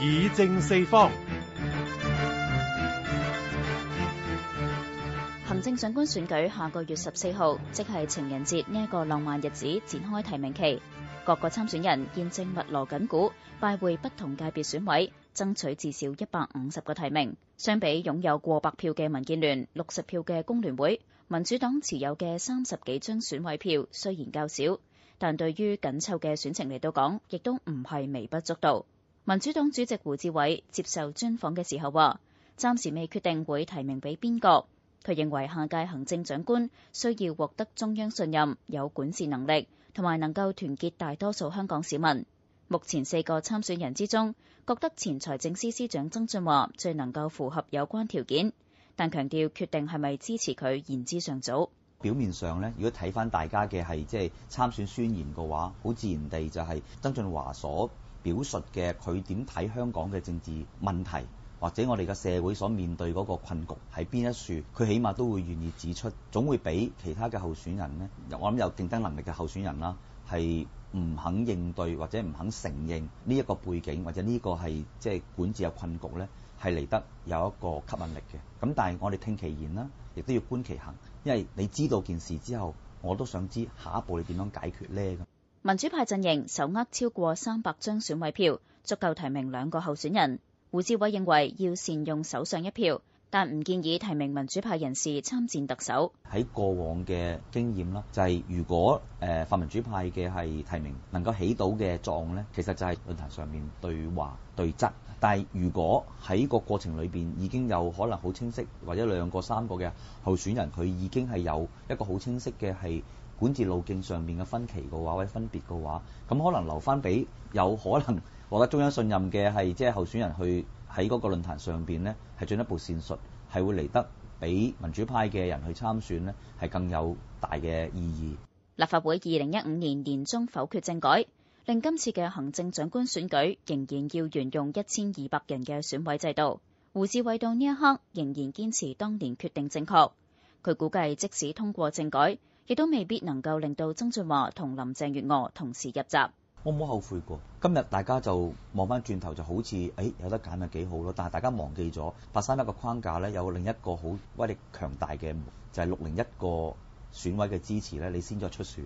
議政四方。行政長官選舉下個月十四號，即係情人節呢一個浪漫日子，展開提名期。各個參選人現正密鑼緊鼓，拜會不同界別選委，爭取至少一百五十個提名。相比擁有過百票嘅民建聯，六十票嘅工聯會，民主黨持有嘅三十幾張選委票雖然較少，但對於緊湊嘅選情嚟到講，亦都唔係微不足道。民主黨主席胡志偉接受專訪嘅時候話，暫時未決定會提名俾邊個。佢認為下屆行政長官需要獲得中央信任、有管治能力，同埋能夠團結大多數香港市民。目前四個參選人之中，覺得前財政司司長曾俊華最能夠符合有關條件，但強調決定係咪支持佢言之尚早。表面上呢，如果睇返大家嘅係即係參選宣言嘅話，好自然地就係曾俊華所表述嘅，佢點睇香港嘅政治問題，或者我哋嘅社會所面對嗰個困局喺邊一處，佢起碼都會願意指出，總會俾其他嘅候選人咧，我諗有競爭能力嘅候選人啦，係唔肯應對或者唔肯承認呢一個背景或者呢個係即係管治有困局咧，係嚟得有一個吸引力嘅。咁但係我哋聽其言啦，亦都要觀其行，因為你知道件事之後，我都想知下一步你點樣解決咧。民主派陣營手握超過三百張選委票，足夠提名兩個候選人。胡志偉認為要善用手上一票，但唔建議提名民主派人士參戰特首。喺過往嘅經驗啦，就係、是、如果誒泛、呃、民主派嘅係提名能夠起到嘅作用呢，其實就係論壇上面對話對質。但係如果喺個過程裏面已經有可能好清晰，或者兩個三個嘅候選人佢已經係有一個好清晰嘅係。管治路徑上面嘅分歧嘅話或者分別嘅話，咁可能留翻俾有可能獲得中央信任嘅係即係候選人去喺嗰個論壇上邊咧，係進一步闡述，係會嚟得比民主派嘅人去參選咧，係更有大嘅意義。立法會二零一五年年中否決政改，令今次嘅行政長官選舉仍然要沿用一千二百人嘅選委制度。胡志偉到呢一刻仍然堅持當年決定正確，佢估計即使通過政改。亦都未必能夠令到曾俊華同林鄭月娥同時入閘。我冇後悔過。今日大家就望翻轉頭，就好似誒、哎、有得揀咪幾好咯。但大家忘記咗八三一個框架咧，有另一個好威力強大嘅，就係六零一個選委嘅支持咧，你先再出選。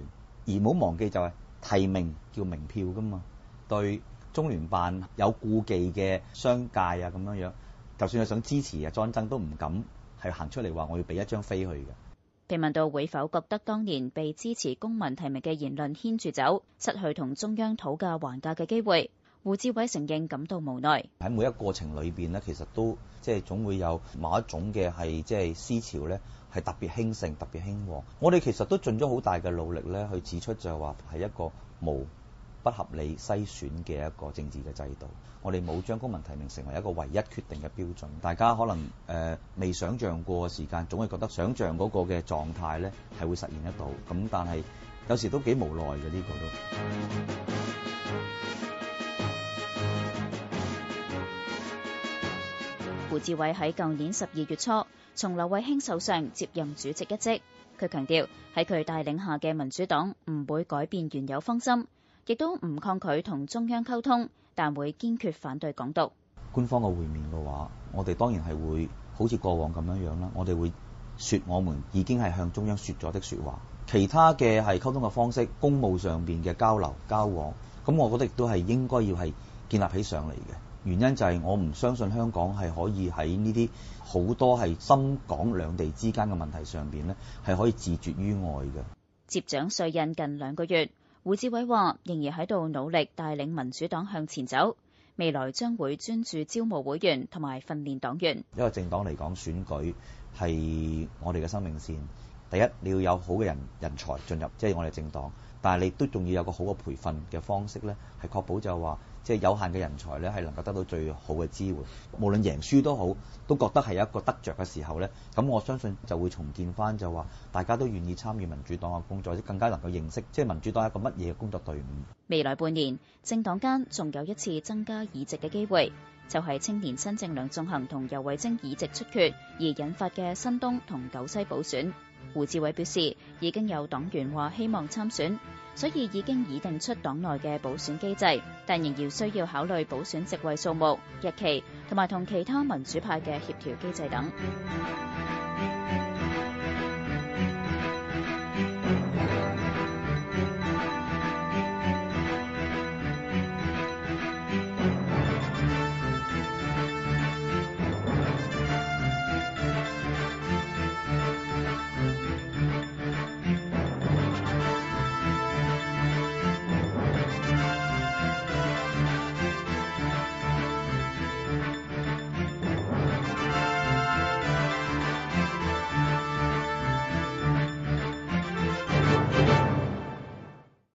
而冇忘記就係提名叫名票噶嘛。對中聯辦有顧忌嘅商界啊，咁樣就算你想支持啊莊森都唔敢係行出嚟話我要俾一張飛去嘅。被問到會否覺得當年被支持公民提名嘅言論牽住走，失去同中央討價還價嘅機會，胡志偉承認感到無奈。喺每一個過程裏邊呢，其實都即係總會有某一種嘅係即係思潮咧，係特別興盛、特別興旺。我哋其實都盡咗好大嘅努力咧，去指出就係話係一個無不合理篩選嘅一個政治嘅制度，我哋冇將公民提名成為一個唯一決定嘅標準，大家可能誒未、呃、想象過嘅時間總會覺得想象嗰個嘅狀態咧係會實現得到咁，但係有時都幾無奈嘅呢、這個都。胡志偉喺舊年十二月初從劉慧卿手上接任主席一職，佢強調喺佢帶領下嘅民主黨唔會改變原有方針。亦都唔抗拒同中央溝通，但會堅決反對港獨。官方嘅會面嘅話，我哋當然係會好似過往咁樣樣啦。我哋會說我們已經係向中央說咗的說話。其他嘅係溝通嘅方式，公務上邊嘅交流交往，咁我覺得亦都係應該要係建立起上嚟嘅。原因就係我唔相信香港係可以喺呢啲好多係深港兩地之間嘅問題上邊咧，係可以自絕於外嘅。接掌帥印近兩個月。胡志偉話，仍然喺度努力帶領民主黨向前走，未來將會專注招募會員同埋訓練黨員。因為政黨嚟講，選舉係我哋嘅生命線。第一，你要有好嘅人人才進入，即係我哋政黨，但係你都仲要有一個好嘅培訓嘅方式咧，係確保就係話，即係有限嘅人才咧，係能夠得到最好嘅支援，無論贏輸都好，都覺得係一個得着嘅時候咧。咁我相信就會重建返就話，大家都願意參與民主黨嘅工作，即更加能夠認識，即係民主黨係一個乜嘢工作隊伍。未來半年，政黨間仲有一次增加議席嘅機會，就係青年新政梁頌恆同游蕙禎議席出缺而引發嘅新東同九西補選。胡志偉表示，已經有黨員話希望參選，所以已經擬定出黨內嘅補選機制，但仍然需要考慮補選席位數目、日期同埋同其他民主派嘅協調機制等。